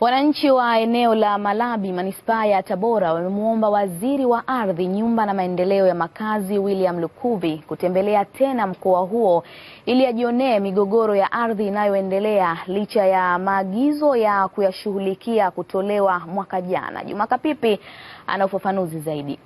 Wananchi wa eneo la Malabi manispaa ya Tabora wamemwomba waziri wa ardhi, nyumba na maendeleo ya makazi William Lukuvi kutembelea tena mkoa huo ili ajionee migogoro ya ardhi inayoendelea licha ya maagizo ya kuyashughulikia kutolewa mwaka jana. Juma Kapipi ana ufafanuzi zaidi.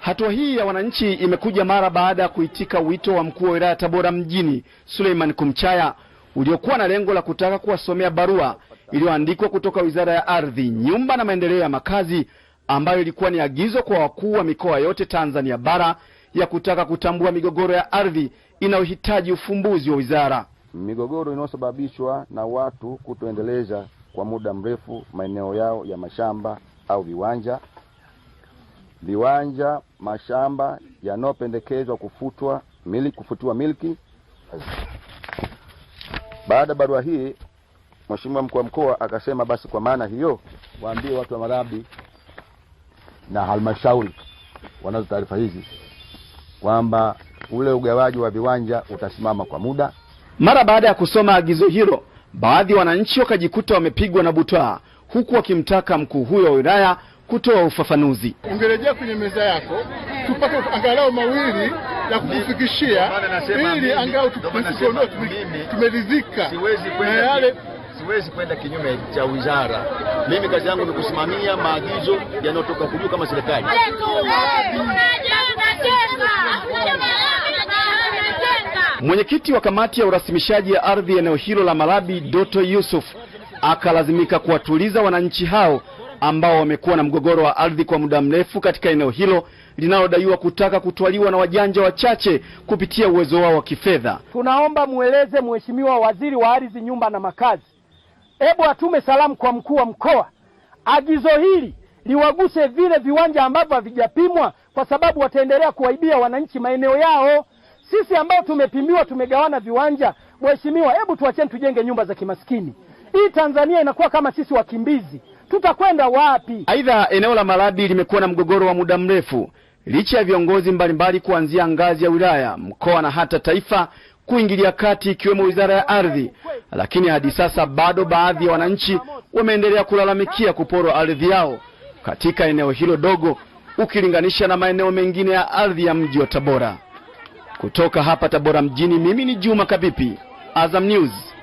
Hatua hii ya wananchi imekuja mara baada ya kuitika wito wa mkuu wa wilaya Tabora mjini Suleiman Kumchaya uliokuwa na lengo la kutaka kuwasomea barua iliyoandikwa kutoka Wizara ya Ardhi, Nyumba na Maendeleo ya Makazi, ambayo ilikuwa ni agizo kwa wakuu wa mikoa yote Tanzania bara ya kutaka kutambua migogoro ya ardhi inayohitaji ufumbuzi wa wizara. Migogoro inayosababishwa na watu kutoendeleza kwa muda mrefu maeneo yao ya mashamba au viwanja viwanja mashamba yanayopendekezwa kufutwa mili, kufutiwa miliki. Baada ya barua hii Mheshimiwa mkuu wa mkoa akasema basi kwa maana hiyo waambie watu wa marabi na halmashauri wanazo taarifa hizi kwamba ule ugawaji wa viwanja utasimama kwa muda. Mara baada ya kusoma agizo hilo, baadhi ya wananchi wakajikuta wamepigwa na butwaa, huku wakimtaka mkuu huyo wa wilaya kutoa ufafanuzi. Ungerejea kwenye meza yako tupate angalau mawili ya kukufikishia, ili angalau tumeridhika na yale siwezi kwenda kinyume cha wizara. Mimi kazi yangu ni kusimamia maagizo yanayotoka kujuu kama serikali. Mwenyekiti wa kamati ya urasimishaji ya ardhi eneo hilo la Malabi, Doto Yusuf, akalazimika kuwatuliza wananchi hao ambao wamekuwa na mgogoro wa ardhi kwa muda mrefu katika eneo hilo linalodaiwa kutaka kutwaliwa na wajanja wachache kupitia uwezo wao wa kifedha. Tunaomba mueleze Mheshimiwa Waziri wa Ardhi, Nyumba na Makazi hebu atume salamu kwa mkuu wa mkoa, agizo hili liwaguse vile viwanja ambavyo havijapimwa, kwa sababu wataendelea kuwaibia wananchi maeneo yao. Sisi ambao tumepimiwa, tumegawana viwanja. Mheshimiwa, hebu tuacheni tujenge nyumba za kimaskini. Hii Tanzania inakuwa kama sisi wakimbizi, tutakwenda wapi? Aidha, eneo la malabi limekuwa na mgogoro wa muda mrefu licha ya viongozi mbalimbali kuanzia ngazi ya wilaya, mkoa na hata taifa kuingilia kati, ikiwemo Wizara ya Ardhi lakini hadi sasa bado baadhi ya wananchi wameendelea kulalamikia kuporwa ardhi yao katika eneo hilo dogo ukilinganisha na maeneo mengine ya ardhi ya mji wa Tabora. Kutoka hapa Tabora mjini, mimi ni Juma Kabipi, Azam News.